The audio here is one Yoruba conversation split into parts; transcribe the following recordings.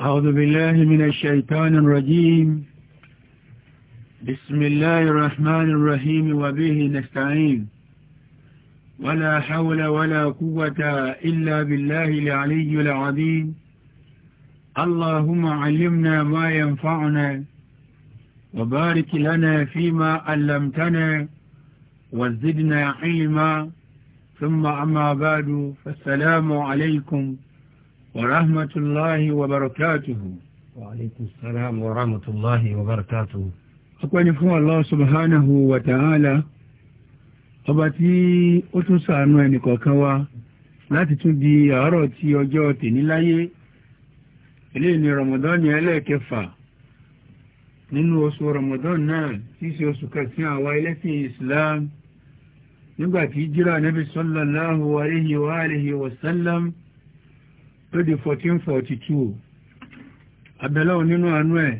أعوذ بالله من الشيطان الرجيم بسم الله الرحمن الرحيم وبه نستعين ولا حول ولا قوة إلا بالله العلي العظيم اللهم علمنا ما ينفعنا وبارك لنا فيما علمتنا وزدنا علما ثم أما بعد فالسلام عليكم ورحمة الله وبركاته وعليكم السلام ورحمة الله وبركاته أقول فún Allah subhanahu wa ta'ala ọba tí ó tún ṣàánú ẹnìkọ̀ọ̀kan wa láti tún di àárọ̀ tí ọjọ́ tèní láyé eléyìí ni Ramadan ẹlẹ́ẹ̀kẹfà nínú oṣù Ramadan náà tí í ṣe oṣù kẹsàn-án àwa ẹlẹ́sìn Islam nígbà tí jíra Nabi sallallahu alayhi wa alihi wa sallam tó di 1442 abẹ́lọ́run nínú àánú ẹ̀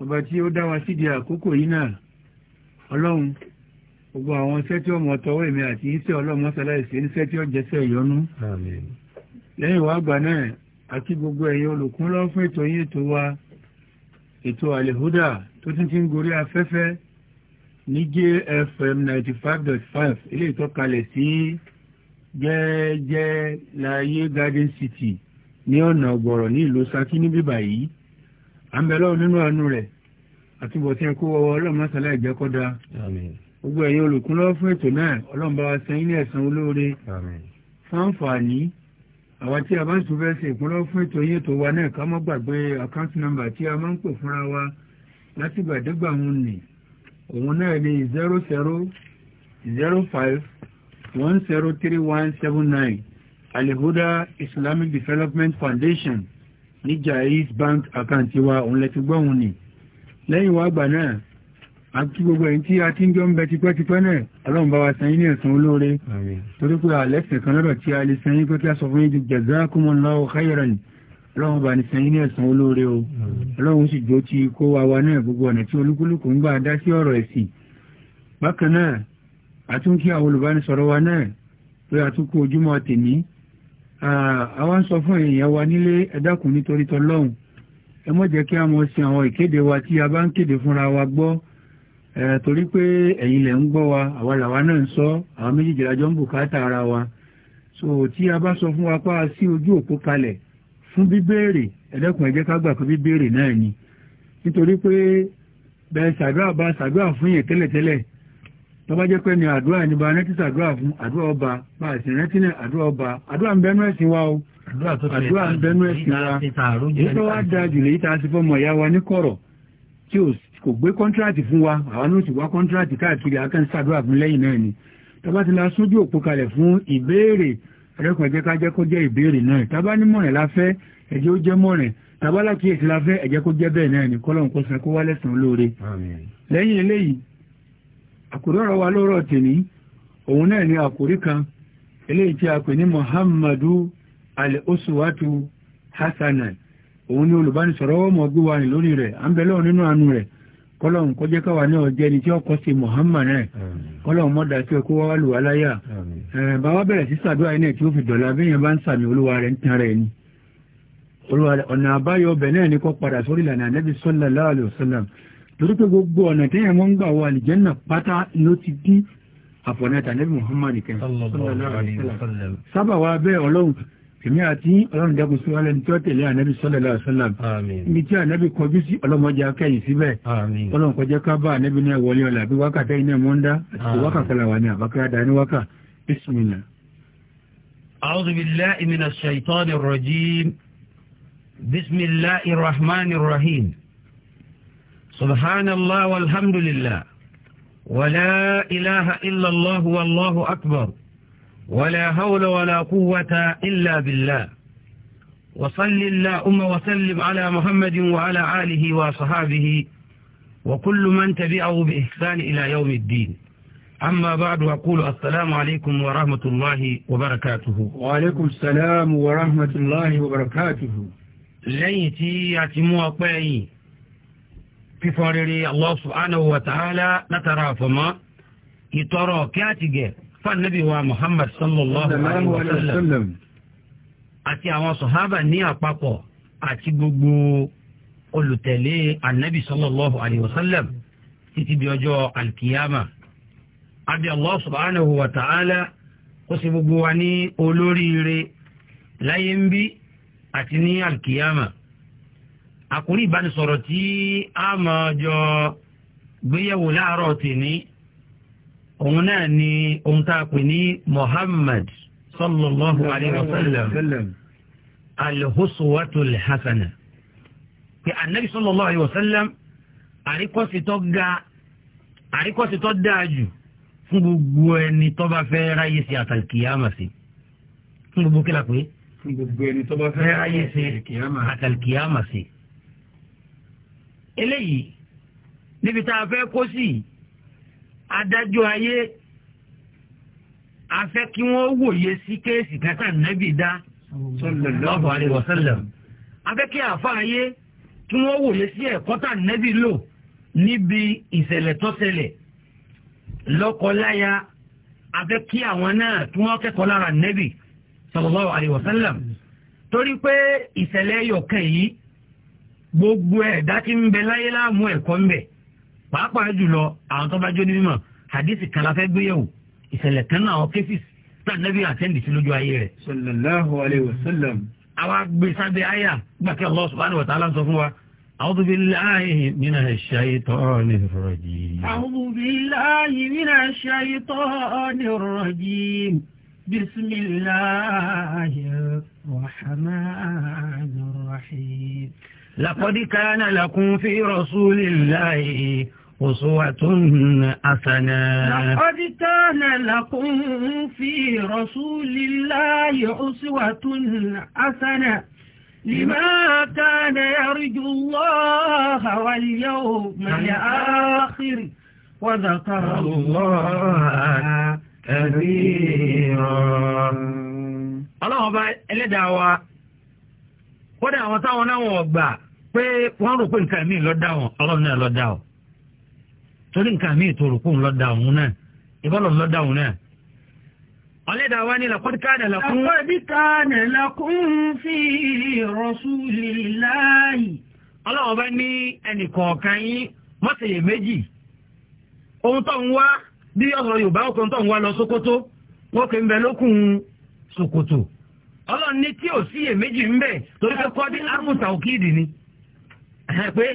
ọba tí ó dá wa sídi àkókò yìí náà ọlọ́run gbogbo àwọn iṣẹ́ tí ọmọ tọwọ́ èmi àti iṣẹ́ ọlọ́run mọ́sálásí iṣẹ́ tí ó jẹ́sẹ̀ ìyọnú lẹ́yìn wá gbà náà àti gbogbo ẹ̀yin olùkúnlọ́ fún ètò yín ètò wa ètò àlèhúdà tó tún ti ń gorí afẹ́fẹ́ ní JFM 95.5 ilé ìtọ́kalẹ̀ sí. Si, jẹ́ẹ́jẹ́ láàyè garden city ní ọ̀nà ọ̀gbọ̀rọ̀ ní ìlú Ṣakí ní bíbà yìí à ń bẹ lọ́wọ́ nínú àánú rẹ̀ àtúbọ̀tí ẹ̀kọ́ wọ́wọ́ ọlọ́mọṣálá ìjẹ́kọ́dá gbogbo ẹ̀yin olùkúnlọ́wọ́ fún ètò náà ọlọ́mọba wa sẹ́yìn ní ẹ̀san olóore fáǹfààní àwa tí a bá ń sùnfẹ́ ṣe ìpínlọ́wọ́ fún ètò yín ètò wa náà ká mọ́ gbàgbé account number tí a máa ń pè fúnra wa látìgbàdégbà òun nì òun náà ní zero zero zero five one zero three one seven nine alihuda islamic development foundation ní jaiz bank account wa òun lẹ́tí gbọ́hùn ni lẹ́yìn wá gbà náà a kí gbogbo ẹ̀yìn tí a ti ń jọ ń bẹ tipẹ́tipẹ́ náà ọlọ́run bá wa san yín ní ẹ̀san olóore torí pé àlẹ́sẹ̀ kan lọ́dọ̀ tí a lè san yín pé kí a sọ fún yín ju jazakumullahu khairan ọlọ́run bá ní san yín ní ẹ̀san olóore o ọlọ́run sì jó ti kó wa wa náà gbogbo ọ̀nà tí olúkúlùkù ń gbà dá sí ọ̀rọ̀ ẹ̀sìn bákan náà àtúnkí àwọn olùbánisọ̀rọ̀ wa náà pé àtúnkú ojúmọ́ tèmi àwa ń sọ fún èèyàn wa nílé ẹ dákun nítorí tọlọ́hún ẹ mọ̀ jẹ́ kí a mọ̀ sin àwọn ìkéde wa tí a bá ń kéde fúnra wa gbọ́ torí pé ẹ̀yin lẹ̀ ń gbọ́ wa àwa làwa náà ń sọ àwọn méjèèjì lájọ́ ń bùkátà ara wa so tí a bá sọ fún wa pa sí ojú òpó kalẹ̀ fún bíbéèrè ẹ dákun ẹ jẹ́ ká gbà pé bíbéèrè náà ni nítorí pé bẹ́ẹ̀ ṣàdúrà bá ṣàdúrà fún yẹn tẹ́lẹ̀tẹ́lẹ̀ tọ́bá jẹ́ pé ní àdúrà ní bá rántí sàdúrà fún àdúrà ọba bá àti rántí ní àdúrà ọba àdúrà ń bẹnu ẹ̀sìn wa o àdúrà ń bẹnu ẹ̀sìn wa èyí tó wá da jùlọ yìí tá a ti fọmọ ìyá wa ní kọ̀rọ̀ tí kò gbé kọ́ńtíráàtì fún wa àwa náà ti wá kọ́ńtíráàtì káàkiri akẹ́ni sàdúrà fún lẹ́yìn náà ni tọ́bá ti la sójú òpó kalẹ̀ fún ìbéèrè ẹ̀rẹ́kùn ẹ̀jẹ̀ ká jẹ́ kó jẹ́ ìbéèrè náà tàbá ní mọ̀rìn la fẹ́ ẹ̀jẹ̀ ó jẹ́ mọ̀rìn tàbá lákìyèsí la fẹ́ ẹ̀jẹ̀ kó jẹ́ bẹ́ẹ̀ náà ni kọ́lọ́hún kó san kó wá lẹ́sàn-án lóore lẹ́yìn eléyìí àkórí ọ̀rọ̀ wa lọ́rọ̀ tèmi òun náà ni àkórí kan eléyìí tí a pè ní muhammadu al-uswatu hasanan òun ni olùbánisọ̀rọ̀ ọmọ ọgbẹ́ wa ní lórí rẹ̀ à ń bẹ lọ́wọ́ nínú àánú rẹ̀ kọ́lọ́hún kọjá káwa náà jẹ́ ni tí ọkọ̀ sí muhammad rẹ̀ kọ́lọ́hún mọ́dà sí ọkọ̀ wá lù wá láyà bàbá bẹ̀rẹ̀ sí sàdúrà iná tí ó fi dọ̀là bí yẹn bá ń sàmì olúwa rẹ̀ ń tan rẹ̀ ni olúwa ọ̀nà àbáyọ ọbẹ̀ náà ni kọ́ padà sórí ìlànà ànábì sallallahu alaihi wasallam torí pé gbogbo ọ̀nà tí ẹ̀mọ́ ń gbà wọ àlìjẹ́nà pátá ló ti dí àfọ̀nàtà nẹ́bí Muhammad kẹ́ sábà wa bẹ́ẹ̀ ọlọ́run èmi àti ọlọ́run dẹ́kun sí wálẹ̀ ní tí ó tẹ̀lé ànábì sallallahu alaihi wasallam ibi tí ànábì kọjú sí ọlọ́mọdé akẹ́yìn síbẹ̀ ọlọ́run kọjá ká bá ànábì náà wọlé ọ̀la bí wákàtí iná mọ́ńdá àti wákàkọlà wà ní àbákẹ́yà dání wákà bismillah. a'udhu billahi minash shaitani rrajim bismillahir rahmanir rahim. سبحان الله والحمد لله ولا إله إلا الله والله أكبر ولا هول ولا قوة إلا بالله وصل اللهم وسلم على محمد وعلى آله وصحابه وكل من تبعه بإحسان إلى يوم الدين أما بعد أقول السلام عليكم ورحمة الله وبركاته وعليكم السلام ورحمة الله وبركاته ليتي أتموا قائي fífọ́ rere Allah subhanahu wa ta'ala látara àfọ̀mọ́ ìtọrọ kí á ti gẹ̀ fanabi wa Muhammad sallallahu alayhi wa sallam àti àwọn sọ̀hábà ní àpapọ̀ àti gbogbo olùtẹ̀lé anabi sallallahu alayhi wa sallam títí di ọjọ́ alkiyama abi Allah subhanahu wa ó sì gbogbo wa ní olóríire láyé ń bí àti ní alkiyama àkórí ìbánisọ̀rọ̀ tí a máa jọ gbéyẹ̀wò láàárọ̀ tèmi òun náà ni ohun tá a pè ní Muhammad sallallahu alayhi wa sallam alhuswatul hasana pé anabi sallallahu alayhi wa sallam àríkọ́sítọ́ ga àríkọ́sítọ́ dáa jù fún gbogbo ẹni tó fẹ́ ráyè sí àtàlùkìyàmà sí fún gbogbo kí la pé fún gbogbo ẹni tó fẹ́ ráyè sí àtàlùkìyàmà sí eléyìí níbi tá a fẹ́ kó sí adájọ́ ayé a fẹ́ kí wọ́n wòye sí kéèsì kẹta nàbì dá sallallahu alaihi wasallam a fẹ́ kí àfa ayé kí wọ́n wòye sí ẹ̀kọ́ tá nàbì lò níbi ìṣẹ̀lẹ̀ tó ṣẹlẹ̀ lọ́kọ-láya a fẹ́ kí àwọn náà kí wọ́n kẹ́kọ̀ọ́ lára nàbì sallallahu alaihi wasallam torí pé ìṣẹ̀lẹ̀ yọ̀kan yìí gbogbo ẹ̀dá tí ń bẹ láyé láàmú ẹ̀kọ́ ń bẹ pàápàá jùlọ àwọn tó bá jó ní mímọ̀ hadisi kan la fẹ́ gbéyẹ̀wò ìṣẹ̀lẹ̀ kan náà kéfìs tá nẹ́bí àtẹ́ǹdì sí lójú ayé rẹ̀. sallallahu alayhi wa sallam. àwa gbé sábẹ́ àyà gbàkẹ́ Allah subhanahu wa ta'ala sọ fún wa أعوذ بالله من الشيطان الرجيم أعوذ بالله من الشيطان الرجيم بسم الله الرحمن الرحيم لقد كان لكم في رسول الله أسوة حسنة لقد كان لكم في رسول الله أسوة حسنة لما كان يرجو الله واليوم الآخر وذكر الله كثيرا الله أبا إلي دعوة kódà àwọn táwọn náà wọ̀n gbà pé wọ́n rò pé nǹkan míì wọn ọlọ́run náà lọ́dà wọn torí nǹkan míì tó rò pé òun lọ́dà òun náà ìbọ́lọ̀ lọ́dà òun náà. ọ̀lẹ́dà wa ni ohun tó ń wá yorùbá ọkùnrin tó ń wá lọ kì í bẹ lókun ọlọ́run ní tí ò méjì ń pé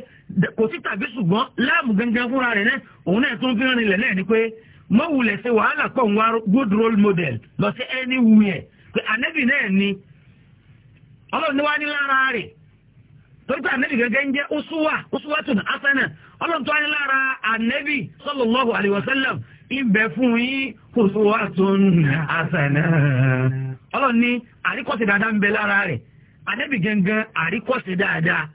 kò sí tàbí ṣùgbọ́n láàmù gangan fúnra rẹ̀ náà òun náà tó ń fi hàn nílẹ̀ náà ni pé mọ́wùlẹ̀ ṣe wàhálà pọ̀ ń wá good role model lọ sí ẹni wù yẹn pé ànẹ́bì náà ni ọlọ́run ní wá ní lára rẹ̀ torí pé ànẹ́bì gangan ń jẹ́ usuwa usuwa tún asana ọlọ́run tó wá ní lára ànẹ́bì sallallahu alaihi ibẹ̀ fún yín usuwa ọlọ́run ní dáadáa ń bẹ lára rẹ̀ ànẹ́bì gangan dáadáa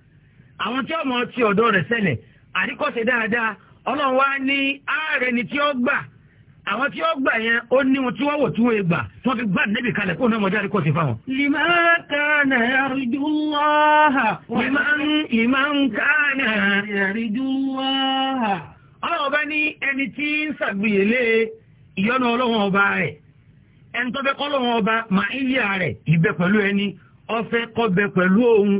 àwọn tí ọmọ ti ọ̀dọ̀ rẹ̀ sẹlẹ̀ àríkọ́sẹ̀ dáadáa ọlọ́run wá ní ààrẹ ni tí ó gbà àwọn tí ó gbà yẹn ó ní wọn tí wọ́n wò tí wọ́n gbà tí wọ́n fi gbà níbi kalẹ̀ kó náà mọ̀ jáde fáwọn. liman kana yarjullaha. liman kana yarjullaha. ọlọ́run ọba ní ẹni tí ń ṣàgbéyẹlé ìyọ́nú ọlọ́run ọba rẹ̀ ẹni tó fẹ́ kọ́ ọlọ́run ọba màá ń yà rẹ̀ ìbẹ pẹ̀lú ẹni ó fẹ́ kó òun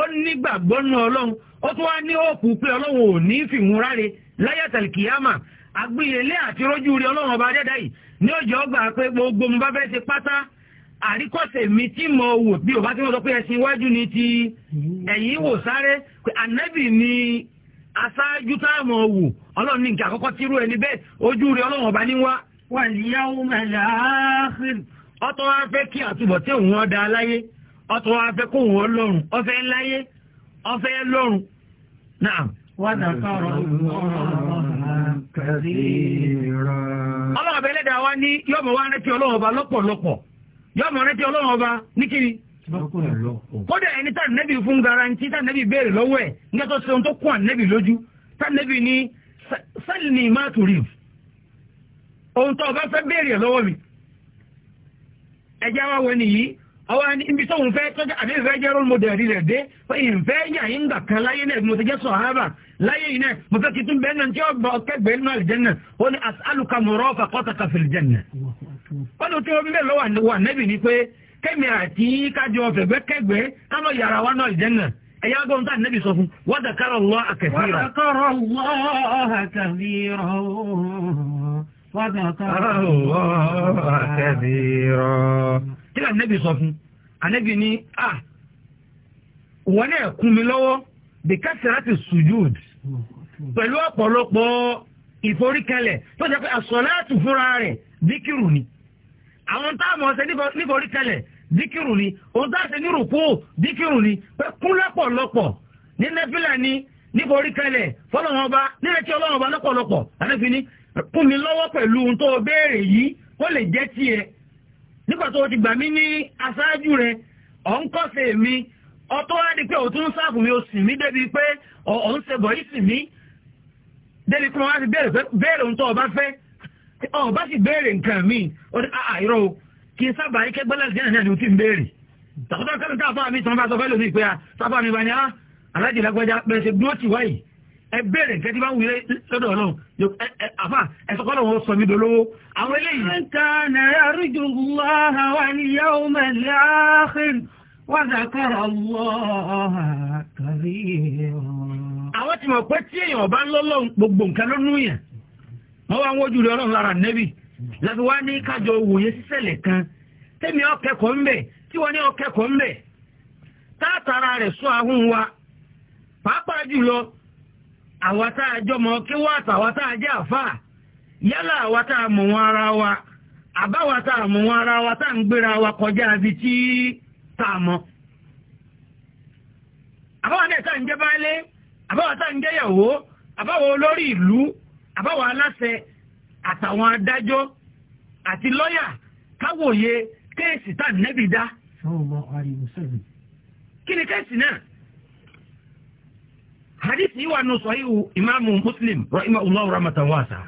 ó nígbàgbọ́ nínú ọlọ́run ó tún wá ní òòpù pé ọlọ́run ò ní fìmúráre láyàtàlì kìyàmà ati àti rójú rí ọlọ́run ọba dẹ́dá yìí ní ọjọ́ ọgbà pé gbogbo mo bá fẹ́ ṣe pátá àríkọ̀sẹ̀ mi tí mo wò bí òbá tí mo sọ pé ẹṣin iwájú ni ti ẹ̀yìn wò sáré pé ni aṣáájú wò ọlọ́run ẹni bẹ́ẹ̀ ojú rí ọba ní wá. ọtọ́ wa fẹ́ kí òun ọtún wa fẹ́ kóhùn ó lọ́rùn ọfẹ́ láyé ọfẹ́ lọ́rùn náà. wọ́n ọlọ́run ọba ẹlẹ́dàá wa ní yọmọ wa rántí ọlọ́run ọba lọ́pọ̀lọpọ̀ kódà ẹni tá fún garanti tá béèrè nígbà tó ṣe ohun tó kún lójú tá ní ní ohun tó ọba béèrè mi wa wọ nìyí àwọn ibi tóun fẹ́ tọ́jú àbí ìfẹ́ jẹ́ role model rẹ̀ dé ìfẹ́ yà ń gbà kan láyé náà mo ti jẹ́ sọ̀hábà láyé yìí náà mo fẹ́ kí tún bẹ́ẹ̀ náà tí ó gbọ́ kẹgbẹ́ nínú àlìjẹ́nà ó ní as'aluka murafaqataka fil janna. wọ́n ní o tí wọ́n bẹ̀rẹ̀ lọ́wọ́ wà nẹ́bì ni pé kẹ́mi àti kájọ fẹ̀gbẹ́ kẹgbẹ́ ká lọ yàrá wa náà àlìjẹ́nà ẹ̀yà gbọ́n tá nẹ́bì sọ fún wa dhakara Allaha kathira. wa dhakara Allaha kathira wa dhakara Allaha kathira kí lè ànẹ́bì sọ fún ànẹ́bì ní à wọ́n náà kún mi lọ́wọ́ bí kásìrátì sùjúd pẹ̀lú ọ̀pọ̀lọpọ̀ ìforíkẹlẹ̀ tó jẹ́ pé àsọ̀láàtù fúnra rẹ̀ díkìrù ni àwọn táàmù ọ̀sẹ̀ níforíkẹlẹ̀ díkìrù ni òun táàṣẹ nírùkú díkìrù ni pé kún lọ́pọ̀lọpọ̀ ní nẹ́fílà ni níforíkẹlẹ̀ fọlọ́wọ́n ọba nírètí ọlọ́wọ́n ọba lọ́pọ̀lọpọ̀ àdébí ni kún mi lọ́wọ́ pẹ̀lú ohun tó o béèrè yìí ó lè jẹ́ tiẹ̀ nígbà tó o ti gbà mí ní aṣáájú rẹ ọ̀ ń kọ́sẹ̀ mi ọtọ́ wá di pé o tún ń sáàfù mi o sì mí débi pé ọ̀ ń ṣe bọ̀ yìí sì mí débi pé wọ́n á ti béèrè ohun tó o bá fẹ́ ọ̀ bá sì béèrè nǹkan mi ó ní àìrọ̀ ah, ah, o kì í sábà yìí kẹ́gbẹ́ láti jẹ́nà ní o ti ń béèrè tàkọ́tà kẹ́kẹ́ tá a fọ́ àmì tí wọ́n bá sọ fẹ́ lómi pé ah, sábà mi bá ní a alájìlágbẹ́já pẹ̀lẹ́sẹ̀ gbọ́ọ̀tì wáyìí ẹ bẹ̀rẹ̀ kẹ́tí bá ń wílé lọ́dọ̀ ọlọ́run àfà ẹ̀sọ́kọ́ lọ́wọ́ sọ mí dolówó àwọn eléyìí. wọ́n ká náírà rújú lọ́hà wà ní yàwó mẹ́lẹ́ àáxìn wọ́n dàkọ̀rọ̀ lọ́hà kàrí. àwọn tí mo pẹ́ tí èèyàn bá ń lọ́lọ́ gbogbo nǹkan ló nú yẹn wọ́n wá ń wojú rẹ̀ ọlọ́run lára nẹ́bì láti wá ní kájọ wòye sísẹ̀lẹ̀ kan tẹ́mi ọkẹ́kọ̀ọ́ ńbẹ̀ tí wọ́n ní ọkẹ́kọ̀ọ́ ńbẹ̀ táàtàrà rẹ̀ sọ ahọ́n wa pàápàá jùlọ àwa tá a jọmọ kí wọ́n àtàwa tá a jẹ́ àfáà yálà àwa tá a mọ̀ wọn ara wa àbáwa tá a mọ̀ wọn ara wa tá a ń gbéra wa kọjá ibi tí tá a mọ̀ àbáwa ń jẹ́ baálé àbáwa tá ń jẹ́ yàwó àbáwa olórí ìlú àbáwa aláṣẹ àtàwọn adájọ́ àti lọ́yà káwòye kéèsì tá a nẹ́bi dá. kí ni kéèsì náà? hadith yìí wà nù sọ́yìí ìmáàmù muslim rahimahullah rahmatan wasa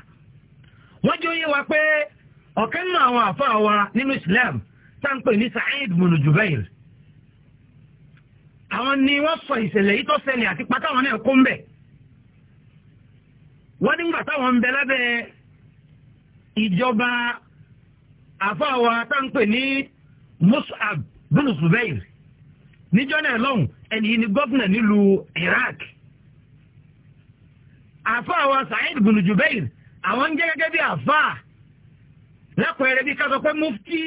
wọ́n jẹ́ oyé wa pé ọ̀kan nínú àwọn àfa wa nínú islam táǹpẹ̀ ní sa'id bin jubair àwọn ni wọ́n sọ ìṣẹ̀lẹ̀ yìí tó ṣẹlẹ̀ àti pátáwọn náà kó ń bẹ̀ wọ́n nígbà táwọn ń bẹ lábẹ́ ìjọba àfa wa táǹpẹ̀ ní mus'ab bin zubair níjọ́ náà lọ́hùn ẹni yìí ni gómìnà nílùú iraq àfa àwọn Sa'id bin Jubair àwọn ń jẹ́ gẹ́gẹ́ bí àfa lẹ́kọ̀ọ́rẹ́ bí ká sọ pé mufti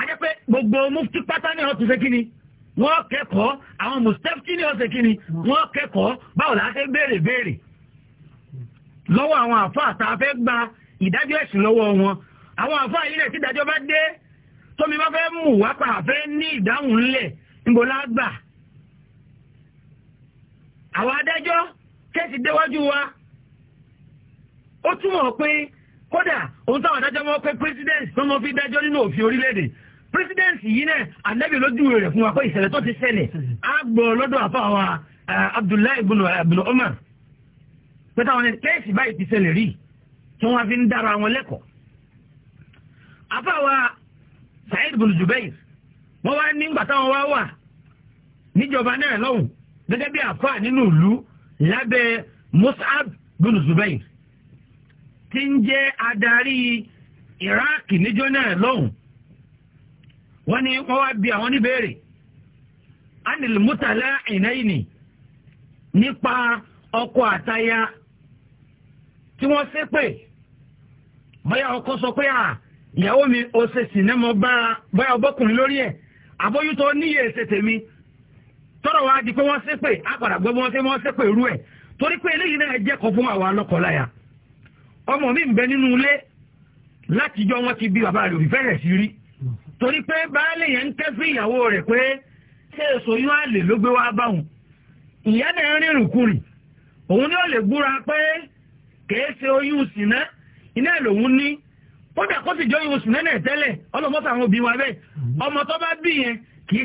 ajẹ́ pé gbogbo mufti pátá ni ọ̀tún ṣe kíni wọ́n kẹ́kọ̀ọ́ àwọn mustafti ní ọ̀tún ṣe kíni wọ́n kẹ́kọ̀ọ́ báwo la ṣe béèrè béèrè lọ́wọ́ àwọn àfa àtà fẹ́ gba ìdájọ́ ẹ̀sìn lọ́wọ́ wọn àwọn àfa yìí rẹ̀ tí ìdájọ́ bá dé tómi bá fẹ́ mú wá pa àfẹ́ ní ìdáhùn ńlẹ̀ ńbọ̀lá gbà àwọn adájọ́ kẹ́sì déwájú wa ó túmọ̀ pé kódà ohun táwọn adájọ́ mọ́ pé president ló mọ́ fi dájọ́ nínú òfin orílẹ̀-èdè president yìí náà ànábì lójú rẹ̀ fún wa pé ìṣẹ̀lẹ̀ tó ti ṣẹlẹ̀ á gbọ́ lọ́dọ̀ àfa wa eh, Abdullahi eh, ibn Umar pé táwọn ẹni kẹ́sì báyìí ti ṣẹlẹ̀ rí tí wọ́n fi ń dára wọn lẹ́kọ̀ọ́ àfa wa Sa'id ibn Jubair wọ́n wá nígbà táwọn wá wà níjọba náà lọ́hùn gẹ́gẹ́ bí àfa nínú ìlú lábẹ́ Mus'ab bin Zubair tí ń jẹ́ adarí Iraq níjọ́ náà wọ́n bi àwọn níbèrè anil mutala ìnáyìnì nípa ọkọ àtaya tí wọ́n bóyá ọkọ sọ pé à ìyàwó mi ó ṣe sì bá bóyá ọbọkùnrin lórí ẹ̀ àbójútó níyè ṣe tọ́rọ̀ wa di pé wọ́n ṣépè àpàdà gbọ́ wọ́n ṣe wọ́n ṣépè irú ẹ̀ torí pé eléyìí náà jẹ́ kọ́ fún àwa lọ́kọ̀ọ́láyà ọmọ mi ń bẹ nínú ilé látijọ́ wọn ti bí bàbá rẹ̀ òbí fẹ́rẹ̀ sí rí torí pé baálé yẹn ń lè ṣe oyún iná lòun ní kódà kó sì jọ oyún náà tẹ́lẹ̀ ọlọ́mọ́ta àwọn òbí wa bẹ́ẹ̀ ọmọ tó bá bí yẹn kì í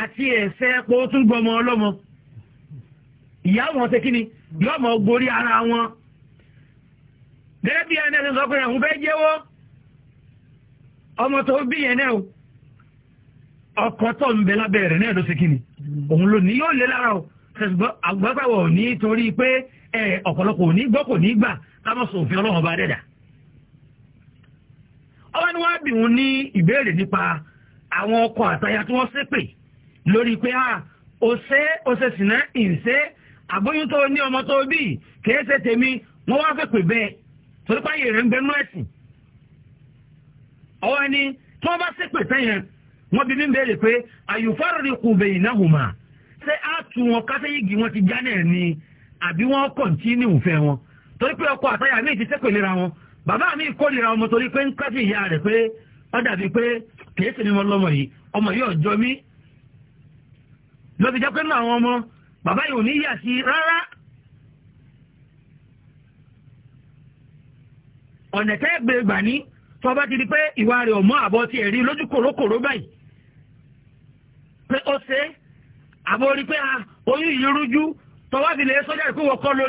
àti ẹ̀sẹ̀ pé ó tún gbọmọ ọlọ́mọ ìyá wọn ṣe kíni yọmọ gborí ara wọn gẹ́gẹ́ bí ẹni ẹni sọ pé ẹ̀hún fẹ́ jẹ́wọ́ ọmọ tó bí yẹn náà ọkọ tó ń bẹ lábẹ́ rẹ̀ náà ló ṣe kíni òun ló ní yóò lé lára o àgbàgbàwọ̀ ò ní torí pé ọ̀pọ̀lọpọ̀ ò ní gbọ́ kò ní gbà táwọn sòfin ọlọ́run bá dẹ̀dà ọwọ́ ni wọ́n á bì ní ìbéèrè nípa àwọn ọkọ àtaya tí wọ́n ṣépè lórí pé a ah, ose ose ò ṣe sìnà ìṣe àbóyún tó ní ọmọ tó bí kìí ṣe tèmi wọ́n wá fẹ́ pè bẹ́ẹ̀ torí páyé rẹ̀ ń bẹ nú ẹ̀sìn. ọwọ́ ni tí wọ́n bá ṣépè sẹ́yìn wọ́n bí mi béèrè pé àyùfárò ni kù bẹ̀yìn náà hù mà ṣé a tù wọn kásẹ̀ yìgì wọn ti já náà ni àbí wọ́n kọ̀ǹtínì ìfẹ́ wọn torí ọkọ àtàyà mi ti ṣépè lera wọn bàbá mi kórìíra ọmọ torí pé ń kásì ìyá rẹ̀ pé ó dàbí pé kìí ṣe ni wọn lọ́mọ yìí ọmọ yìí ọjọ́ mi lọ́bi jẹ́ pé nínú àwọn ọmọ bàbá yìí ò ní yà sí rárá. ọ̀nà tẹ́ gbé gbà ní tọ́ba ti di pé ìwà rẹ̀ ọ̀mọ́ àbọ̀ ti ẹ̀rí lójú kòrókòró báyìí pé ó ṣe é àbọ̀ rí pé ah, oyún yìí rújú tọ́wá lè sọ́jà rẹ̀ pé wọ́n kọ́ ló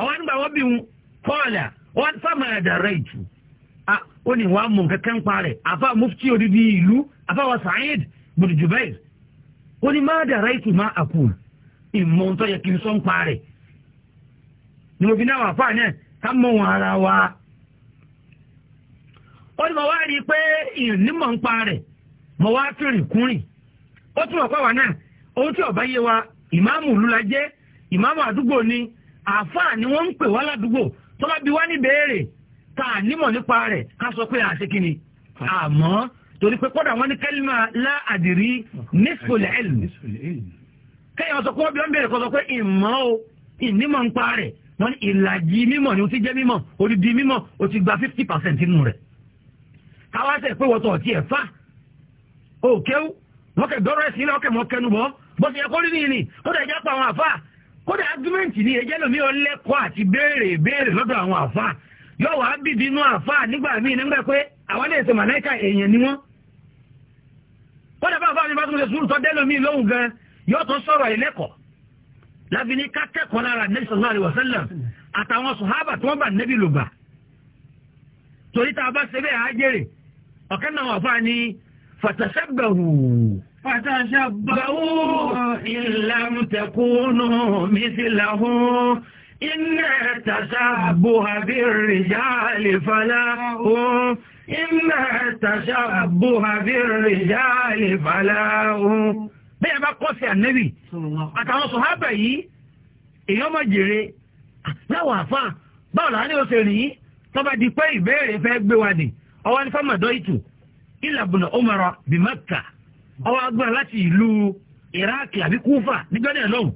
ọwọ́ nígbà wọ́n bí wọn kọ́ọ̀là wọ́n fáwọn a ó ní wàá mọ̀ kankan parẹ̀ àfa mufti odidi ìlú àfa wa Sa'id bin Jubair ó ní má dàrà ìtù má àkùn ìmọ̀ntọ́ yẹ kí n ni mo fi náà wà fáà náà ká wọn ara wa ó ní mo wá rí i pé ìnímọ̀ ń mo wá kúrìn ó tún wa náà ohun tí ọ̀bá yé wa ìmáàmù ìmáàmù àdúgbò àáfàá ni wọ́n ń pè wá ládùúgbò tó bá bi wá ní béèrè tá a nímọ̀ nípa rẹ̀ ká sọ pé àṣẹ kìíní àmọ́ torí pé kódà wọ́n ní kẹ́límà láàdìrí nísòlẹ̀ ẹ̀lù kẹ́yìn sọ pé wọ́n bí wọ́n béèrè kó sọ pé ìmọ̀ o ìnímọ̀ nípa rẹ̀ wọ́n ní ìlàjì mímọ̀ ni o ti jẹ́ mímọ̀ odidi mímọ̀ o ti gba fifty percent nínú rẹ̀ káwá sẹ̀ pé wọ́n ọ̀tí ẹ̀ fà òkèw wọ́n kẹ̀ dọ́rọ̀ ẹ̀sìn náà mọ́ kẹnu bọ́ bọ́sẹ̀ ẹ̀kọ́ rí nìyí ni kódà ìjà pa àwọn àfáà kódà agúmẹ̀ntì ni ẹjẹ́ lómi ọlẹ́kọ́ àti béèrè béèrè lọ́dọ̀ àwọn àfa yóò wá bíbi inú àfa nígbà míì nígbà pé àwọn lè ṣe màláìka èèyàn ni wọ́n kódà bá àfa mi bá tún ṣe sùúrù tó dé lómi lóhùn gan yóò tún sọ̀rọ̀ ẹlẹ́kọ̀ọ́ láfi ní kákẹ́kọ̀ọ́ lára nẹ́bí sallallahu alaihi wasallam àtàwọn sùhábà tí wọ́n bá nẹ́bí lògbà torí tá a bá ṣe bẹ́ẹ̀ á jèrè ọ̀kẹ́ náà wà fáà ní fatashabbahu فتشبهوا إن لم تكونوا مثله إن التشبه بالرجال فلاه إن التشبه بالرجال فلاه bẹ́ẹ̀ bá kọ́ sí ànẹ́bì àtàwọn sọ̀hábẹ̀ yìí èèyàn máa jèrè láwọn àfáà báwo làwọn ní rìn yìí tọ́ba di pé ìbéèrè fẹ́ gbé wa nì ọwọ́ ní fámàdọ́ ìtù ìlàbùnà Umara bí Mẹ́kà ọwọ́ agbára láti ìlú iraq àbí kúfà níjọ́ náà lọ́hùn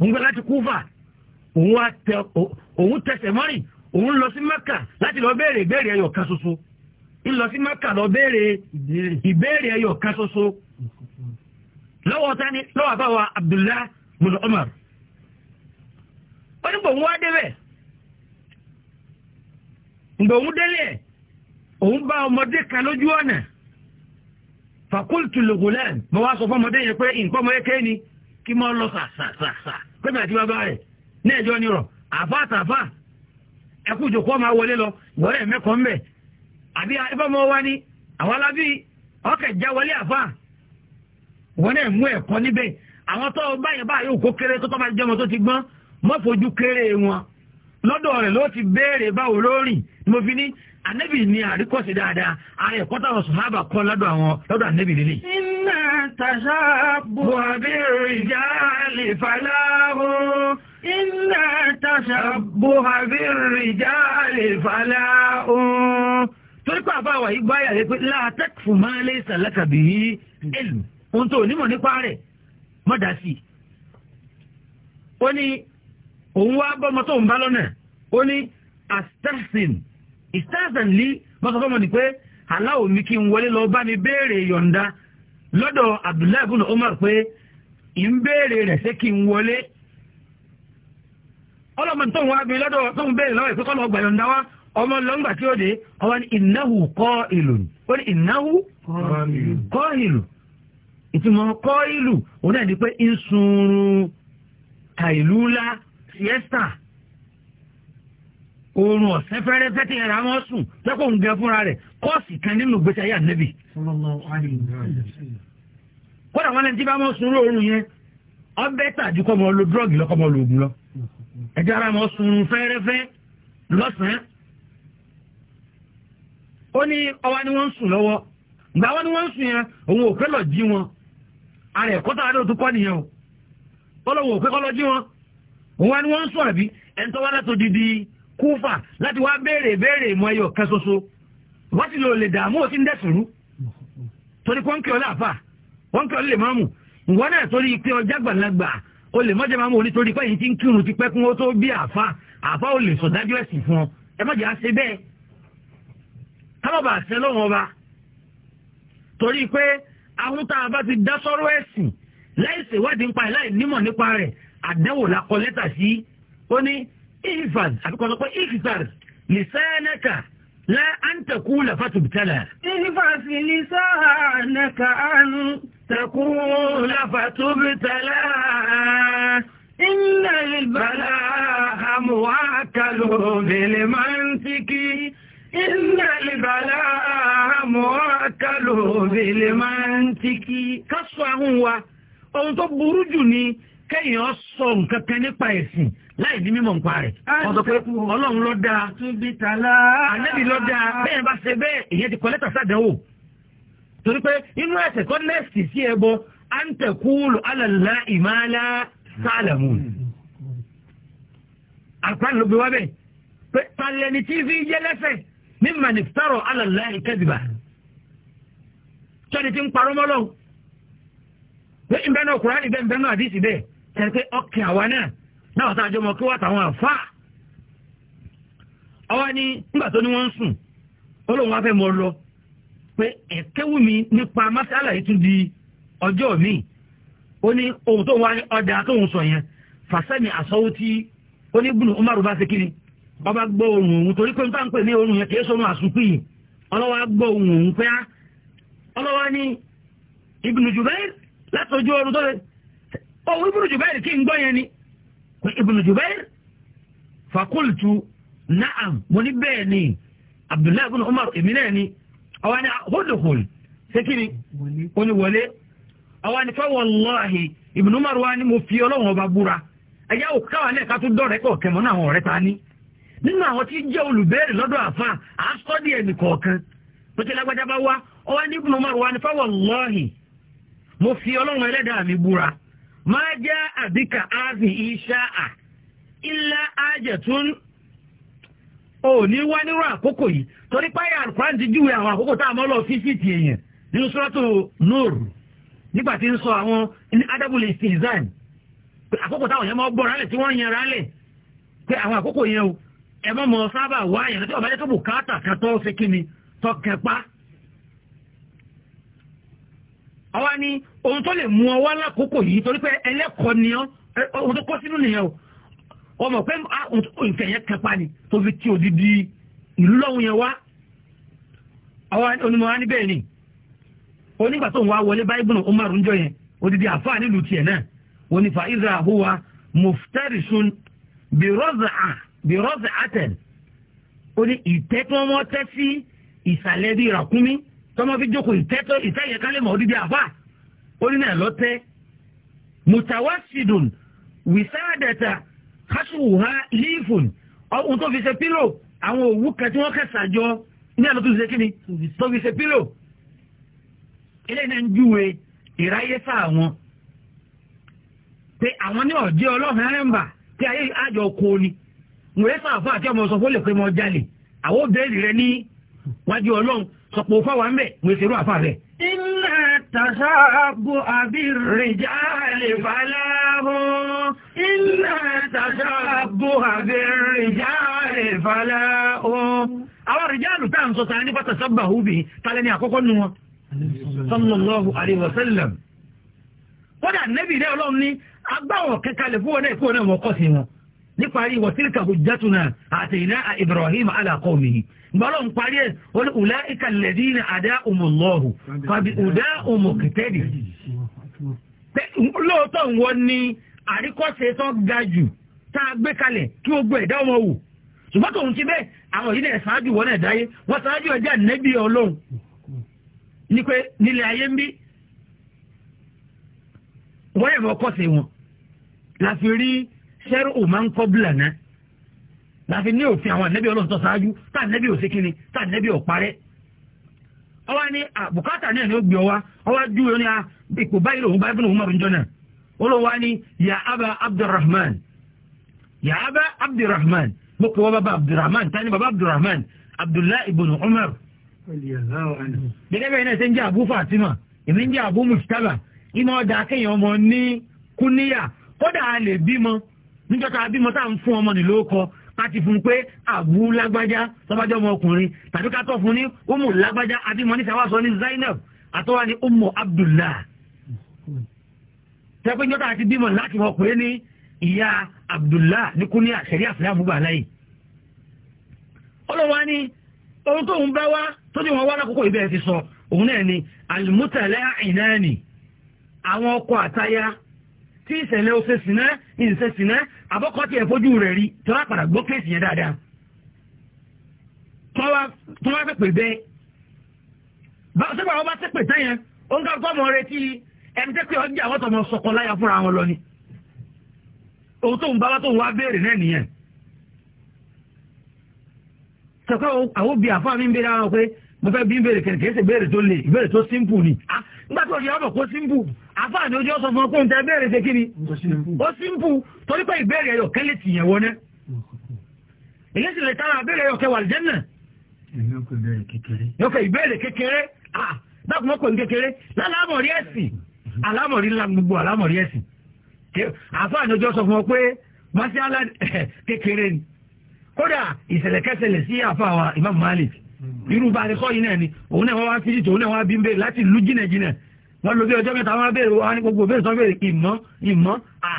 òun gbé láti kúfà òun wá tẹ òun tẹsẹ̀ mọ́rìn òun lọ sí mẹ́kà láti lọ béèrè ìbéèrè ẹyọ kan soso ń lọ sí mẹ́kà lọ béèrè ìbéèrè ẹyọ kan ṣoṣo lọ́wọ́ tani lọ́wọ́ àbáwá abdullah bin umar onígbò ń wá débẹ̀ ǹgbò ń délé òun bá ọmọdé kan lójú ọ̀nà fàkúltù lògùnlẹ́n mo wá sọ fọ́mọdé yẹn pé nǹkan ọmọ ẹkẹ́ ni kí mọ́ lọ sàṣàṣàṣà pẹ́bí àti bàbá rẹ̀ ní ẹjọ́ ni rọ̀ àfa àtàfà ẹkú ìjòkó máa wọlé lọ ìwọ́rẹ́ mẹ́kọ̀ọ́ ń bẹ̀ àbí ẹbọ́mọ wa ni àwọn alábí ọkẹ̀ já wọlé àfa wọn náà mú ẹ̀kọ́ níbẹ̀ àwọn tó báyìí báyìí òkó kéré tó tọ́ jẹ́ wọn tó ti gbọ́n anabi ni àríkọ́sí dáadáa ara ẹ̀kọ́ táwọn sùhábà kọ́ lọ́dọ̀ àwọn lọ́dọ̀ anabi lílé. iná tàṣà buhabi rìjà lè iná tàṣà buhabi rìjà lè faláwo. torí pé àbá wa yìí gbọ́ àyà rẹ pé látẹ́kùfù máa lé sàlákàbí ẹlù ohun tó onímọ̀ nípa rẹ̀ mọ́dà sí ó ní òun wá bọ́mọ tó ń bá lọ́nà ó ní astafin. ìstáàsàn lí bọ́sọ̀ fọ́mọ̀ ni pé aláwo mi kí n wọlé lọ bá mi béèrè yọ̀ǹda lọ́dọ̀ Abdullahi ibn Umar pé ì béèrè rẹ̀ ṣé kí n wọlé ọlọ́mọ tó ń wá bí lọ́dọ̀ tó ń béèrè lọ́wọ́ ìpínkọ́ lọ́gbà yọ̀ǹda wá ọmọ lọ́ngbà tí ó dé ọwọ́ ni ìnáhù kọ́ ìlú ní kọ́ ìlú ìtumọ̀ kọ́ ni pé kàìlú oorun ọ̀sẹ̀ fẹ́rẹ́fẹ́ tí yàrá wọn sùn tẹ́kọ̀ ń gẹ fúnra rẹ̀ kọ́ọ̀sì kan nínú gbèsè ayé ànẹ́bì. kódà wọn lẹni tí bá wọn sun oorun yẹn ọbẹ̀ tàdí kọ́ mọ lo drọ́ọ̀gì lọ́kọ́ mọ lo oògùn lọ. ẹ̀jẹ̀ ara wọn sun fẹ́rẹ́fẹ́ lọ́sàn-án. ó ní ọwọ́ ni wọ́n ń sùn lọ́wọ́ ìgbà wọn ni wọ́n ń sùn yẹn òun ò fẹ́ lọ jí wọn ara ẹ̀kọ́ tó adé òtún kọ́ nìyẹn o ó lọ́wọ́ ò fẹ́ kọ́ lọ jí wọn òun wá ni wọ́n ń sùn àbí ẹ̀ńtọ́ wá látò kúfà láti wá béèrè béèrè mọ ẹyọ kan ṣoṣo wọ́n ti lò lè dààmú òsín dẹ̀sùrú torí pé wọ́n ń kí ọ láàfà wọ́n ń kí ọ lè máàmù ìwọ náà torí pé ọjà gbàlagbà o lè mọ́jà máàmù onítorí pé yìí ti ń kírun ti pẹ́ kún ó tó bí àfa àfa ò lè sọ̀dájú ẹ̀sìn fún ọ ẹ má jẹ́ ṣe bẹ́ẹ̀ kábàbà àṣẹ lọ́wọ́ ọba torí pé àwọn tá a bá ti dá sọ́rọ́ ẹ̀sìn láì ṣèwádìí nípa ẹ̀ láì nímọ̀ nípa rẹ̀ àdẹ́wò la lẹ́tà sí ó ní ifad àbíkọ́ sọ pé iftar lisanaka la an takula fatubtala. ifad lisanaka an takula fatubtala. inna al-balaa mu'akkalun bil mantiki. Iná ìbàlá àmọ́ àkàlò ìlè máa ń ti kí. Ká sọ ahun wa, ohun tó burú jù ni kẹ́yìn ọ sọ nǹkan kan nípa ẹ̀sìn láì di mímọ̀ nǹkan rẹ̀. wọ́n sọ pé ọlọ́run ló dáa ànábì ló dáa bẹ́ẹ̀ bá ṣe bẹ́ẹ̀ ìyẹn ti kọ́ lẹ́tà sàdánwò. torí pé inú ẹ̀sẹ̀ kọ́ nẹ́ẹ̀sì sí ẹbọ à ń tẹ̀kúlù alàlá ìmáàlá sálàmù. àpá ló gbé wá bẹ́ẹ̀ pé talẹ́ni tí fi yẹ lẹ́sẹ̀ ní manifestaro alàlá ìkẹ́dìbà. sọ́ni ti ń parọ́ mọ́lọ́ pé ìbẹ́nu ọkùnrin àti ìbẹ́nu àdìsí bẹ́ẹ̀ tẹ̀lé na ọta a jọmọ kí wọ́n àtàwọn àfa ọwọ́ ni nígbà tó ní wọ́n ń sùn ó lóun wá mọ lọ pé mi nípa masala yìí tún di ọjọọ mi ó ní ohun tó ń wá ọjà sọ yẹn fàṣẹ́mi àsọ́wó tí ó ní Umaru bá ṣe kí ni ọba gbọ́ ohun torí pé nípa ní ohun yẹn kìí àsùnkú yìí ohun pé á látọjú ọdún tó lè pé ibùdó Jubair fakultu na'am mo ní bẹ́ẹ̀ ni abdullahi ibn umar èmi náà ni àwọn ni hódòkòlù ṣé kí ni ó ní wọlé àwọn ni fáwọláhì ibn umar wa ni mo fi ọlọ́run ọba búra ẹ̀yà òkúta náà ká tún dọ̀rẹ́ pọ̀ kẹmọ́ náà àwọn ọ̀rẹ́ ta ni nínú àwọn tí jẹ́ olùbẹ́ẹ̀rẹ̀ lọ́dọ̀ àfa àsọ́dí ẹ̀mí kọ̀ọ̀kan tó ti lágbájá bá wá ọwọ́ ní ibn umar wa ni fáwọláhì mo fi ọlọ́run ẹlẹ́dàá mi búra máa jẹ́ àbíkà áàfì iṣẹ́ à ilẹ̀ ajẹ̀tún ò ní wá nírú àkókò yìí torí páyà àlùkùrán ti júwe àwọn àkókò tá a mọ́ lọ fífìtì èèyàn nínú sọ́tò nóòrù nígbà tí ń sọ àwọn adábùlé stizan àkókò táwọn yẹn máa gbọ́ra lẹ̀ tí wọ́n yẹn ra lẹ̀ pé àwọn àkókò yẹn o ẹ̀ e mọ́ mọ́ sábà wá àyàn tí ọ̀bẹ́jẹ́ tó bùkátà ṣe kí ni tọkẹ̀pá àwa ni ohun tó lè mú ọ wá lákòókò yìí torí pé ẹlẹ́kọ̀ọ́ ni ọ ohun tó kọ́ sínú nìyẹn o ọmọ pé nǹkan yẹn kápá ni tó fi ti òdìdí ìlú lọ́hùn yẹn wá àwa onímọ̀ wá níbẹ̀ ni onígbà tó ń wá wọlé báyìí gbọ́nà Umar ń jọ yẹn òdìdí àfáà nílùú tiẹ̀ náà wọ́n ní fàáìzà àhúwa muftarisun bìrọ́zà àtẹ̀ ó ní ìtẹ́tí wọn mọ́ tẹ́ sí ìsàlẹ̀ bíi ràkúnmí tọ́mọ́ fi jókòó ìtẹ́tọ́ ìtẹ́yẹ kálẹ̀ mọ́ odidi àbá orí náà lọ́tẹ́ sidun, wisadata kasuha leafun ọ̀hún tó fi ṣe pílò àwọn òwú kan tí kẹsà jọ ní àná tó fi ṣe kí ni tó fi ṣe pílò ilé náà ń júwe ìráyé fà wọn pé àwọn ní ọ̀jẹ́ ọlọ́run ẹ̀rẹ́mbà tí ayé àjọ kò ní wọ́n yẹ fà fún àti ọmọ sọ pé mo jalè àwọn òbẹ́ẹ̀lì rẹ ní wájú ọlọ́run sọ̀pọ̀ fáwọn mẹ́ mo ṣerú àfà rẹ̀. iná tàṣàbù àbí rìjà lè faláhùn iná tàṣàbù àbí rìjà lè faláhùn. àwọn rìjà lù tá à ń sọ sáré nípa tàṣàbà hùbì talẹ́ ní àkọ́kọ́ nu wọn. sallallahu alayhi wa sallam. wọ́n dà nẹ́bì rẹ̀ ọlọ́run ní agbáwọ̀ kẹkalẹ̀ fún wọn náà ìkó náà wọn níparí wọ̀tíríkà hujjatuna àtẹ̀yìnà Ibrahim ala qawmihi gbọ́lọ̀ ń parí ẹ̀ olú ulá ìkàlẹ̀dínà àdá umùlọ́hù fàbí ùdá umùkìtẹ́dì lóòótọ́ wọn ni àríkọ́sẹ̀ tó ga jù tá a gbé kalẹ̀ kí ó gbọ́ ẹ̀dá ọmọ wò ṣùgbọ́n tòun ti bẹ́ẹ̀ àwọn yìí náà ṣáájú wọn náà dáyé wọ́n ṣáájú ọjà nẹ́bí ọlọ́run ní pé nílẹ̀ ayé ń bí wọ́n yẹ̀ mọ́ kọ́sẹ̀ wọn láfi rí ṣẹ́rù ò máa ń kọ́ bìlà náà láfi ní òfin àwọn ànẹ́bí ọlọ́run tó ṣáájú tá ànẹ́bí ò sí kíni tá ànẹ́bí ò parẹ́ ọwọ́ ni bùkátà náà ni ó gbé ọ wá ọwọ́ ju ọ ní a ipò báyìí lòun báyìí lòun máa jọ náà olówó ni yà ába abdulrahman yà ába abdulrahman mo kọ́ bàbá abdulrahman tani bàbá abdulrahman abdullahi ibn umar gẹ́gẹ́ bẹ́ẹ̀ náà ṣe ń jẹ́ àbú fatima níjọta bímọ tá à ń fún ọmọ nìlò ọkọ láti fún un pé àbú lágbájá tọ́bájọ́ ọmọ ọkùnrin tàbí ká tọ́ fún ní umu lágbájá abímọ ní sàwá sọ ní Zainab àtọ́wá ní umu Abdullah tẹ́pẹ́ níjọta àti bímọ láti wọ́n pé ní ìyá Abdullah ní kú ní àṣẹrí àfẹ́yà fún gbàláyì ọlọ́wà ní ohun tó ń bá wá tó ní wọn wá lákòókò ibẹ̀ ti sọ òun náà ni alimutalẹ́ àìnáà ni àwọn ọkọ àtayá tí ìṣẹ̀lẹ̀ ó ṣe sìnà ìṣe sìnà àbọ́kọ́ tí ẹ̀ fojú rẹ̀ rí tí wọ́n padà gbọ́ kéèsì yẹn dáadáa tó wá pèpè bẹ́ẹ̀ sọ́gbà wọn bá sẹ́pè tẹ́yẹn ó ń kọ́ ọmọ rẹ tí ẹni tẹ́ pé ọjà àwọn tọmọ sọkọ láyà fúnra wọn lọ ni òun tóun bá wá tóun wá béèrè náà nìyẹn sọ̀kọ́ àwọn òbí àfọ́ mi ń béèrè àwọn pé mo fẹ́ bí ń béèrè kẹ̀kẹ́ ṣe béèrè tó le ìbéèrè tó simple ni ah, nígbà tó yẹ ọmọ simple àfáàní ojú ọsọ fún ọkùnrin tẹ bẹ́ẹ̀rẹ̀ ṣe kíni ó símpù torí pé ìbéèrè ẹyọ kẹlẹ ti yẹn wọnẹ èyí sì lè tara ìbéèrè ẹyọ kẹwàá àlùjẹ́nà yọkẹ ìbéèrè kékeré dákùnmọ́ kò ní kékeré lálàmọ̀rí ẹ̀sìn àlámọ̀rí ńlá gbogbo àlámọ̀rí ẹ̀sìn àfáàní ojú ọsọ fún ọ pé masiala kékeré ni kódà ìṣẹ̀lẹ̀ sí àfáà Imam Malik irú bá a lè kọ́ yìí náà ni òun náà wá fi wọ́n lo bí ọjọ́ mẹ́ta wọ́n béèrè wọ́n ní gbogbo béèrè sọ béèrè ìmọ̀ ìmọ̀ à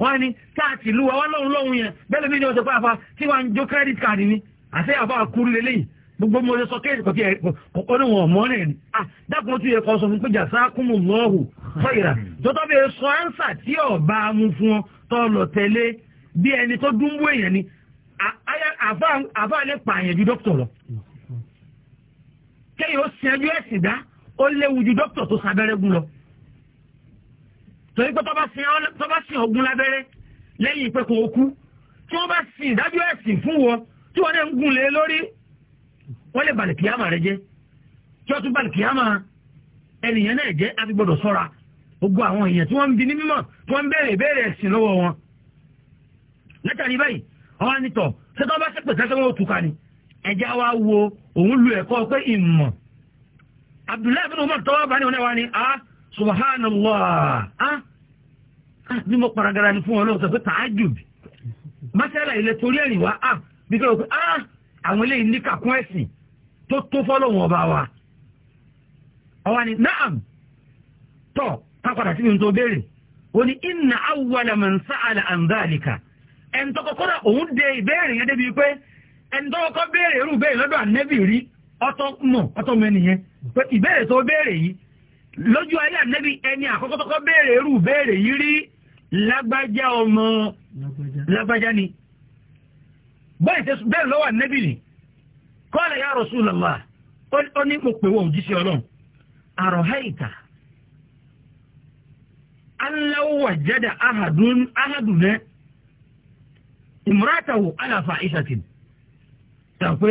wọ́n ní káàtì lúwa wọ́n lóhun lóhun yẹn bẹ́ẹ̀ lómi ni o ṣe pé àfa tí wọ́n ń jó credit card ni àṣẹ àfa àkúrú lélẹ́yìn gbogbo mo ṣe sọ kéèdì kọ̀kẹ́ kọ̀kọ́ ní wọn mọ́ náà ni à dákun tí ẹ̀kọ́ sọ fún pé jàsákùmù lọ́hù fọ́yìrà tó tọ́ bí sọ ẹ́nsà tí ọba mú fún ọ tọ́ lọ tẹ́lẹ̀ bí ẹni tó dúnbú èèyàn ni àfa lè pààyàn ju dókítà lọ kéèyàn ó sin ẹjọ́ ẹ̀sìn dá ó léwu ju dókítà tó san abẹ́rẹ́ gún lọ torí pé tó bá sin ọgún lábẹ́rẹ́ lẹ́yìn pé kò kú tí wọ́n bá sin ìdájọ́ ẹ̀sìn fún wọn tí wọ́n dẹ̀ ń gún lé lórí wọ́n lè balẹ̀ kíámà rẹ jẹ́ tí wọ́n tún balẹ̀ kíámà ẹnìyàn náà jẹ́ àti gbọ́dọ̀ sọ́ra gbogbo àwọn èèyàn tí wọ́n ń bi ní mímọ̀ tí wọ́n ń béèrè ìbéèrè ẹ̀sìn lọ́wọ́ wọn. látàrí báyìí àwọn anìtọ̀ ṣé tí wọ́n bá ṣe pèsè ṣé wọ́n ò túká ni ẹ̀já wa wo òun lu ẹ̀kọ́ pé ìmọ̀ abdullahi bin umar tọwọ́ bá ní wọn wá ní a ah, subhanallah a ah, ah, bí mo paragara ni fún wọn lọ́wọ́ sọ pé tààjùd masala ilẹ̀ torí ẹ̀rìn wá a bí kí ló pé a àwọn eléyìí ní kàkún ẹ̀sìn tó tó fọ́lọ́wọ́n ọba wa ọwọ́ ni naam tọ́ kápadà síbi tó béèrè ó ní inna awwala man sa'ala an dhalika ẹ̀ńtọ́kọ́kọ́dà òun de ìbéèrè yẹn débi pé ẹ̀ńtọ́kọ́kọ́ béèrè irú béèrè lọ́dọ̀ ànẹ́bì rí ọtọ́ nù ọtọ́ mọ ẹnìyẹn pé ìbéèrè tó béèrè yìí lójú ayé ànẹ́bí ẹni àkọ́kọ́ tọ́kọ́ béèrè irú béèrè yìí rí lágbájá ọmọ lágbájá ni bẹ́ẹ̀ lọ́wọ́ ànẹ́bí ni qala ya Rasulullah ó ní mo pè wọ́n òjíṣẹ́ ọlọ́run àròhẹ́ìta aláwọ̀ jẹ́dà ahàdùnẹ́ ìmúratàwò aláfa ìṣàtìn tàpé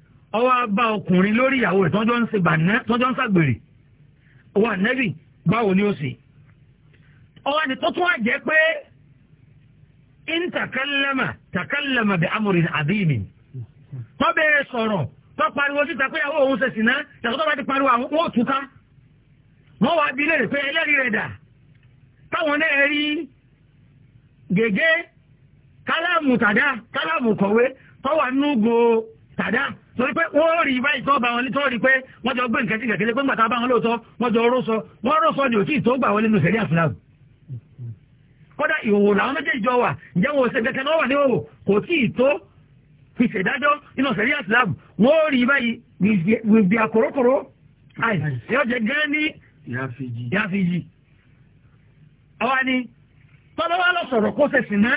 ọwọ́ bá ọkùnrin lórí ìyàwó rẹ̀ tọ́jọ́ ń ṣe tọ́jọ́ ń ṣàgbèrè báwo ni ó ọwọ́ tó tún wá jẹ́ pé ń takallama takallama bi amrin adhim tọ́bẹ̀ sọ̀rọ̀ tọ́ pariwo síta pé òun ti pariwo àwọn ò wọ́n wá bi léèrè pé ẹlẹ́rìí rẹ̀ Saddam torí pé wọ́n rí báyìí tó bá wọn ní tó rí pé wọ́n jọ gbé nǹkan sí kẹ̀kẹ́ pé gbàtà bá wọn lóòótọ́ wọ́n jọ rósọ wọ́n rósọ ni òtí tó gbà wọlé nù sẹ́rí àfúláwù. kódà ìhòòhò làwọn méjèèjì jọ wà ǹjẹ́ wọn ò ṣe kẹ̀kẹ́ náà wà ní òwò kò tí ì fi ṣèdájọ́ nínú sẹ́rí àfúláwù wọ́n rí báyìí wìbí àkòrókòró àìsíọ́jẹ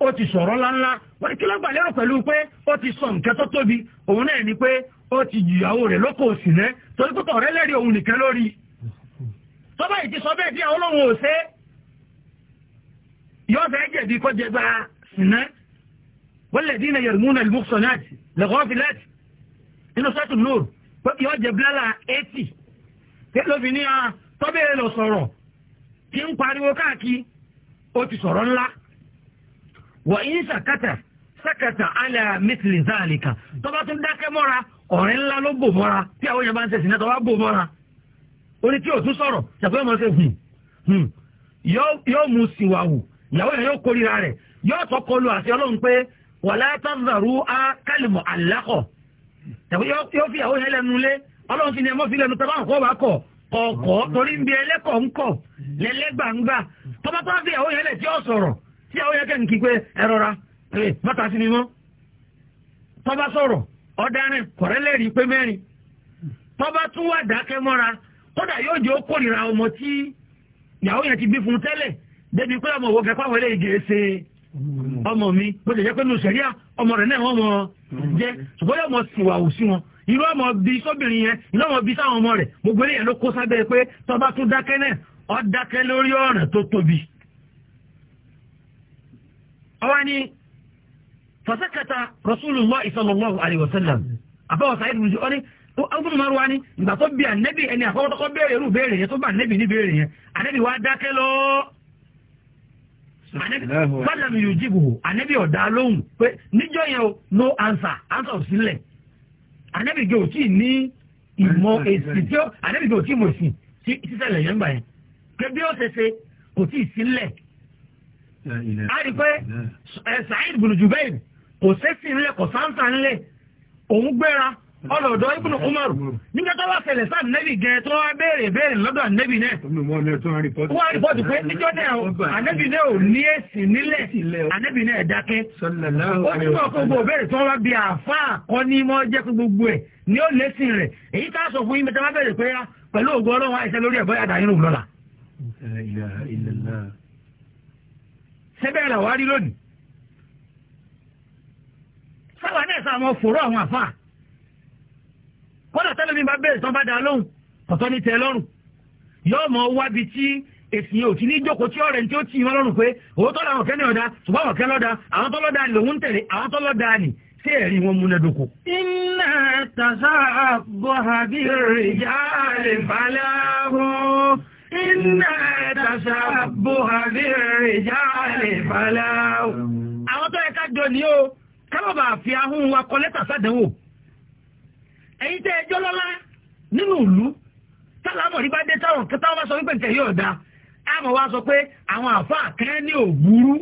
ó ti sọ̀rọ̀ ńláńlá wọ́n ní kí lọ́gbà lérò pẹ̀lú pé ó ti sọ nǹkan tó tóbi òun náà ni pé ó ti jìyàwó rẹ̀ lóko òsì náà torí pé tọ̀rẹ́ lẹ́rìí òun nìkan lórí tọ́ba yìí ti sọ bẹ́ẹ̀ bí àwọn olóhùn ò ṣe yóò fẹ́ jẹ̀bi kó jẹba sinẹ́ walladhina yarmuna al-muhsanati al-ghafilati nínú sọ́tún lóòr yóò jẹ bílálà eighty lóbi ní ah, tọ́bẹ̀rẹ̀ lọ sọ̀rọ̀ kí ń pariwo káàkiri ó ti sọ̀rọ̀ ńlá wọ in sakata sakata ala mitli zalika tó bá tún dákẹ́ mọ́ra ọ̀rẹ́ ńlá ló bò mọ́ra tí àwọn yẹn bá ń ṣe sinetọ wá bò mọ́ra orí tí o tún sọ̀rọ̀ ṣàpẹ́ ọmọ ṣe hùn hùn hmm. yóò mú siwawu ìyàwó yẹn yóò kórira rẹ̀ yóò tọkọ lu àti ọlọ́run pé wàlá tàzàrú á kálìmọ̀ àlákọ̀ yóò fi ìyàwó yẹn lẹ́nu lé ọlọ́run ti ní ẹmọ́ fi lẹ́nu tọ́ba nǹkan ọba kọ̀ ọkọ̀ torí ń bi ẹlẹ́kọ̀ọ́ ń tí àwọn yẹn kẹ́ǹkì pé ẹ̀rọra mọ́ta sí mi mọ́ tọ́ba sọ̀rọ̀ ọ̀daràn kọ̀rẹ́lẹ́rìí pé mẹ́rin tọ́ba tún wà dákẹ́ mọ́ra kódà yóò jẹ́ ó kórìíra ọmọ tí ìyàwó yẹn ti bí fún tẹ́lẹ̀ débi pé ọmọ òwò kẹ́kọ́ àwọn eléyìí gèése ọmọ mi bó ṣe jẹ́ pé nínú sẹ̀ríà ọmọ rẹ̀ náà wọ́n mọ jẹ́ ṣùgbọ́n yóò mọ ìwà òsì wọn irú ọmọ bí sóbìnrin yẹn irú ọmọ bí sáwọn ọmọ rẹ̀ gbogbo eléyìí ló kó sábẹ́ pé tọ́ba tún dákẹ́ náà ó dákẹ́ lórí ọ̀ràn tó tóbi. ọwá ní rasulullah sallallahu alaihi wasallam sa'id ọ wani yóò ọ̀dá pé níjọ́ yẹn no answer answer sílẹ̀ gẹ̀ ní ìmọ̀ èsì tí ó a rí pé Sa'id bin Jubair kò sẹ́sìn ńlẹ̀ kò sáńsà ńlẹ̀ òun gbéra ọlọ́dọ̀ Ibn Umar nígbà tó wá ṣẹlẹ̀ sáà nẹ́bì gẹ̀ẹ́ tó wá béèrè béèrè lọ́dọ̀ nẹ́bì náà wọ́n rìpọ́tù pé níjọ́ náà ànẹ́bì náà ò ní èsì nílẹ̀ ànẹ́bì náà dákẹ́ ó ní mọ̀ kó gbogbo béèrè tó wá bí àáfàá kọ́ ní mọ́ jẹ́ kó gbogbo ẹ̀ ni ó lẹ́sìn rẹ̀ èyí ká sọ fún yín mẹ́ta bá bẹ̀rẹ̀ pé ah, pẹ̀lú ògbọ́n ọlọ́run àìsẹ́ lórí ẹ̀bọ́ sẹ́bẹ̀ rẹ̀ wá rí lónìí. sáwà náà sá àwọn fòrò àwọn àfà kódà tẹ́lẹ̀ mi bá bẹ̀rẹ̀ tán bá dá lóhùn kọ̀tọ́ ní tẹ́ lọ́rùn yóò mọ wábi tí èsì ò ti ní jókòó tí ọ̀rẹ́ tí ó tì wọn lọ́rùn pé òótọ́ làwọn kẹ́ni ọ̀dà ṣùgbọ́n àwọn kẹ́ni ọ̀dà àwọn tọ́lọ́dà ni lòun ń tẹ̀lé àwọn tọ́lọ́dà ni tí ẹ̀rí wọn múnádókò. iná tàṣà àbọ̀hàbí rẹ̀ yára lè balẹ̀ ahùn. Iná ẹ̀dàṣà bó àbí ìjà lè fàlá. Àwọn tó ká jọ ni ó, kábàbà fi ahun wa kọ lẹ́tà sádánwò. Ẹ̀yin tẹ́ ẹjọ́ lọ́lá nínú ìlú, tálámọ̀ bá dé táwọn kẹta wá sọ da. wá sọ pé àwọn ní òbúrú.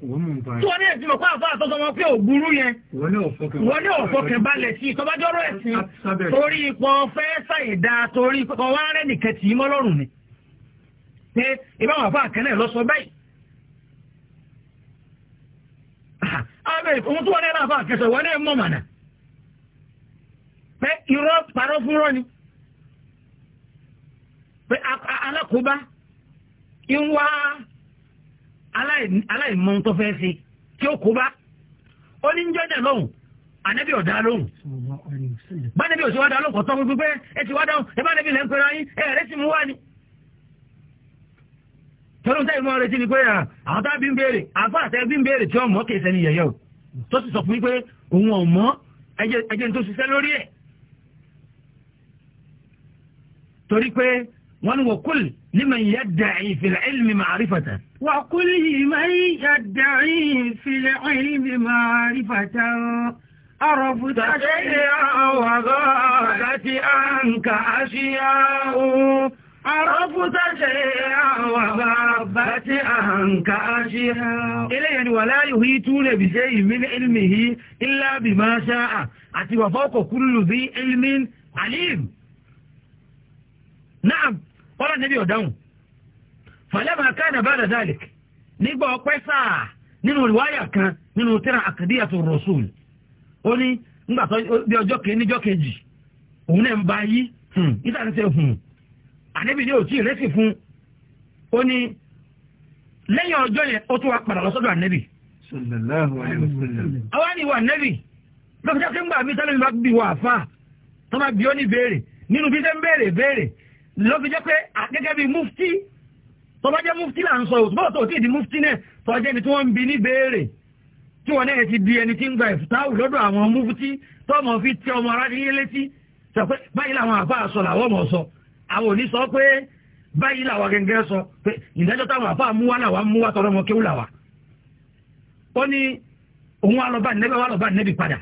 Tọ́lá ẹ̀sìn mọ̀ fún àfáà tọ́sọ wọn pé ògúrú yẹn. Wọ́n ní ọ̀fọ́kẹ̀ balẹ̀ sí ìtọ́bájọ́rọ̀ ẹ̀sìn. Torí ipò fẹ́ ṣàyẹ̀dá torí ipò wá rẹ̀ nìkẹ́ tì í mọ́ lọ́rùn ni. Pé ìbáwọn àfáà kẹ́nẹ̀ lọ sọ báyìí. Abẹ́rẹ́ ohun tó wọ́n ní àfáà kẹsọ̀ wọ́n ní mọ̀ mànà. Pé irọ́ parọ́ fún rọ́ ni. Pé alákòóbá ń wá. ala tó fẹ́ ṣe tí ó kó bá ó ní jọ́jà lóhùn ànẹ́bí ọ̀dá lóhùn bánẹ́bí ò sí wádà lóhùn kọ̀tọ́ gbogbo pé ẹ ti wádà ẹ bá nẹ́bí lẹ́ńpẹ́ ni. tọ́lú retí ni pé àwọn tá a bí ń béèrè àfa àtẹ bí ń béèrè tí wọ́n tó sì sọ fún mi pé òun ẹjẹ́ tó لمن يدعي في العلم معرفة وقل لمن يدعي في العلم معرفة عرفت شيئا وغادت عنك أشياء عرفت شيئا وغابت عنك أشياء إليه ولا يهيتون بشيء من علمه إلا بما شاء أتي وفوق كل ذي علم عليم نعم wọ́n lọ́nà níbi ọ̀dáhùn fàlẹ́mà káàdà bá dàdálìk nígbà ọpẹ́ sáà nínú ìwáyà kan nínú tíra àkàdíyàtò rọ̀ṣùl ó ní tó bí ọjọ́ kìíní kejì òun náà ń ba yí ìtàn hmm, ṣe hùn hmm. àníbi ní òtí ìrẹsì fún ó ní lẹ́yìn ọjọ́ yẹn ó tún wá padà lọ sọ́dọ̀ àwa ni ìwà lọ́kùnrin mi bá bí wà fà tó bí ó ní béèrè nínú ló fi jẹ́ pé gẹ́gẹ́ bí mufti tó bá jẹ́ mufti là ń sọ òtúbọ̀ tó tí ìdí mufti náà tó jẹ́ ni tí wọ́n ń bi ní béèrè tí wọ́n náà ti di ẹni tí ń gba ìfútáwù lọ́dọ̀ àwọn mufti tó ọmọ fi tẹ ọmọ ara ní létí sọ pé báyìí làwọn àfa sọ làwọn ọmọ sọ àwọn òní sọ pé báyìí làwọn gẹ́gẹ́ sọ pé ìdájọ́ táwọn àfa mú wá làwọn mú wá tọrọ ọmọ kéwù làwà ó ní òun wà lọ bá nẹ́bí wà lọ